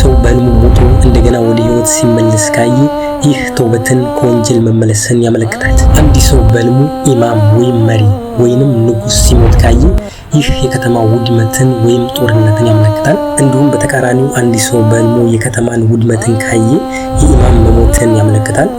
ሰው በሕልሙ ሞቶ እንደገና ወደ ህይወት ሲመለስ ካየ ይህ ተውበትን ከወንጀል መመለስን ያመለክታል። አንድ ሰው በሕልሙ ኢማም ወይም መሪ ወይንም ንጉስ ሲሞት ካየ ይህ የከተማ ውድመትን ወይም ጦርነትን ያመለክታል። እንዲሁም በተቃራኒው አንድ ሰው በሕልሙ የከተማን ውድመትን ካየ የኢማም መሞትን ያመለክታል።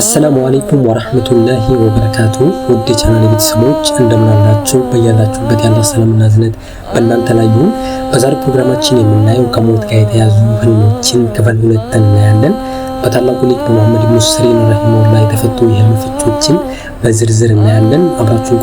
አሰላሙ አለይኩም ወራህመቱላሂ ወበረካቱ። ውድ የቻናል ቤተሰቦች እንደምናላችሁ በያላችሁበት ያለ ሰላምና እዝነት በእናንተ ላይ ይሁን። በዛሬ ፕሮግራማችን የምናየው ከሞት ጋር የተያዙ ህልሞችን ክፍል ሁለት እናያለን። በታላቁ ሊቅ በመሐመድ ኢብኑ ረሂመሁላህ የተፈቱ የህልም ፍቾችን በዝርዝር እናያለን። አብራችሁ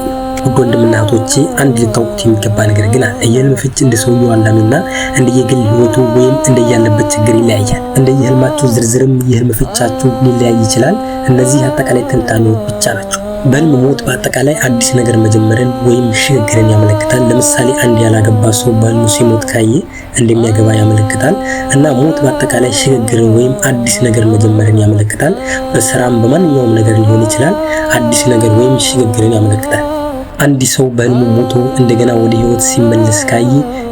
ውድ ወንድምና እህቶቼ አንድ ልታውቁት የሚገባ ነገር ግን አለ። የህልም ፍቺ እንደ ሰውየው አላሚና እንደየግል ህይወቱ ወይም እንደያለበት ችግር ይለያያል። እንደየህልማችሁ ዝርዝርም የህልም ፍቻችሁ ሊለያይ ይችላል። እነዚህ አጠቃላይ ትንታኔዎች ብቻ ናቸው። በህልም ሞት በአጠቃላይ አዲስ ነገር መጀመርን ወይም ሽግግርን ያመለክታል። ለምሳሌ አንድ ያላገባ ሰው በህልሙ ሲሞት ካየ እንደሚያገባ ያመለክታል እና ሞት በአጠቃላይ ሽግግርን ወይም አዲስ ነገር መጀመርን ያመለክታል። በስራም በማንኛውም ነገር ሊሆን ይችላል። አዲስ ነገር ወይም ሽግግርን ያመለክታል። አንድ ሰው በህልሙ ሞቶ እንደገና ወደ ህይወት ሲመለስ ካየ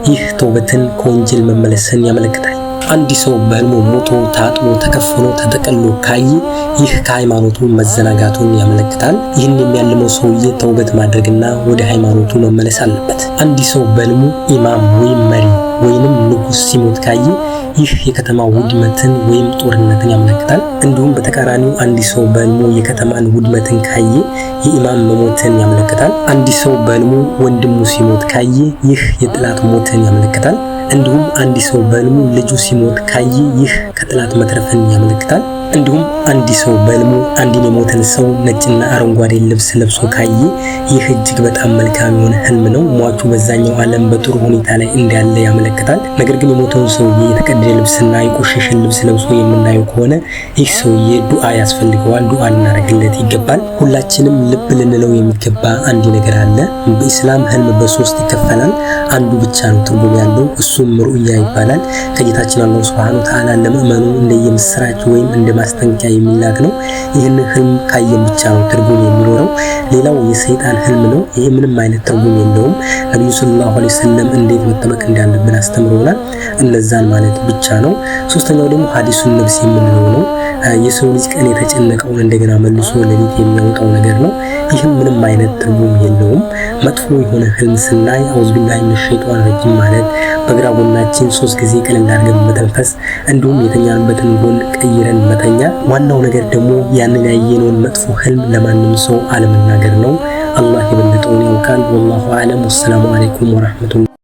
ይህ ተውበትን ከወንጀል መመለስን ያመለክታል። አንድ ሰው በህልሙ ሞቶ ታጥቦ ተከፍኖ ተጠቅሎ ካየ ይህ ከሃይማኖቱ መዘናጋቱን ያመለክታል። ይህን የሚያልመው ሰውዬ ተውበት ማድረግና ወደ ሃይማኖቱ መመለስ አለበት። አንድ ሰው በህልሙ ኢማም ወይም መሪ ወይንም ንጉሥ ሲሞት ካየ ይህ የከተማ ውድመትን ወይም ጦርነትን ያመለክታል። እንዲሁም በተቃራኒው አንድ ሰው በህልሙ የከተማን ውድመትን ካየ የኢማም መሞትን ያመለክታል። አንድ ሰው በህልሙ ወንድሙ ሲሞት ካየ ይህ የጥላት ሞትን ያመለክታል። እንዲሁም አንድ ሰው በህልሙ ልጁ ሲሞት ካየ ይህ ከጥላት መትረፍን ያመለክታል። እንዲሁም አንድ ሰው በልሙ አንድን የሞተን ሰው ነጭና አረንጓዴ ልብስ ለብሶ ካየ ይህ እጅግ በጣም መልካም የሆነ ህልም ነው። ሟቹ በዛኛው ዓለም በጥሩ ሁኔታ ላይ እንዳለ ያመለክታል። ነገር ግን የሞተውን ሰውዬ የተቀደደ ልብስና የቆሸሸን ልብስ ለብሶ የምናየው ከሆነ ይህ ሰውዬ ዱዓ ያስፈልገዋል፣ ዱዓ ልናደርግለት ይገባል። ሁላችንም ልብ ልንለው የሚገባ አንድ ነገር አለ። በኢስላም ህልም በሶስት ይከፈላል። አንዱ ብቻ ነው ትርጉም ያለው፣ እሱም ሩእያ ይባላል። ከጌታችን አላሁ ሱብሃነሁ ወተዓላ ለምእመኑ እንደየምስራች ወይም እንደ ማስጠንቀቂያ የሚላክ ነው። ይህን ህልም ካየን ብቻ ነው ትርጉም የሚኖረው። ሌላው የሰይጣን ህልም ነው። ይሄ ምንም አይነት ትርጉም የለውም። ነቢዩ ሰለላሁ ዐለይሂ ወሰለም እንዴት መጠመቅ እንዳለብን አስተምሮናል። እነዛን ማለት ብቻ ነው። ሶስተኛው ደግሞ ሐዲሱን ነብስ የምንለው ነው። የሰው ልጅ ቀን የተጨነቀውን እንደገና መልሶ ለሊት የሚያወጣው ነገር ነው። ይህም ምንም አይነት ትርጉም የለውም። መጥፎ የሆነ ህልም ስናይ አውዝ አውዝቢላሂ ሚነ ሸይጧን ረጂም ማለት በግራ ጎናችን ሶስት ጊዜ ቀለል አድርገን መተንፈስ፣ እንዲሁም የተኛንበትን ጎን ቀይረን መተኛ። ዋናው ነገር ደግሞ ያንን ያየነውን መጥፎ ህልም ለማንም ሰው አለመናገር ነው። አላህ የበለጠውን ያውቃል። ወላሁ አለም። ወሰላሙ አለይኩም ወረሕመቱላህ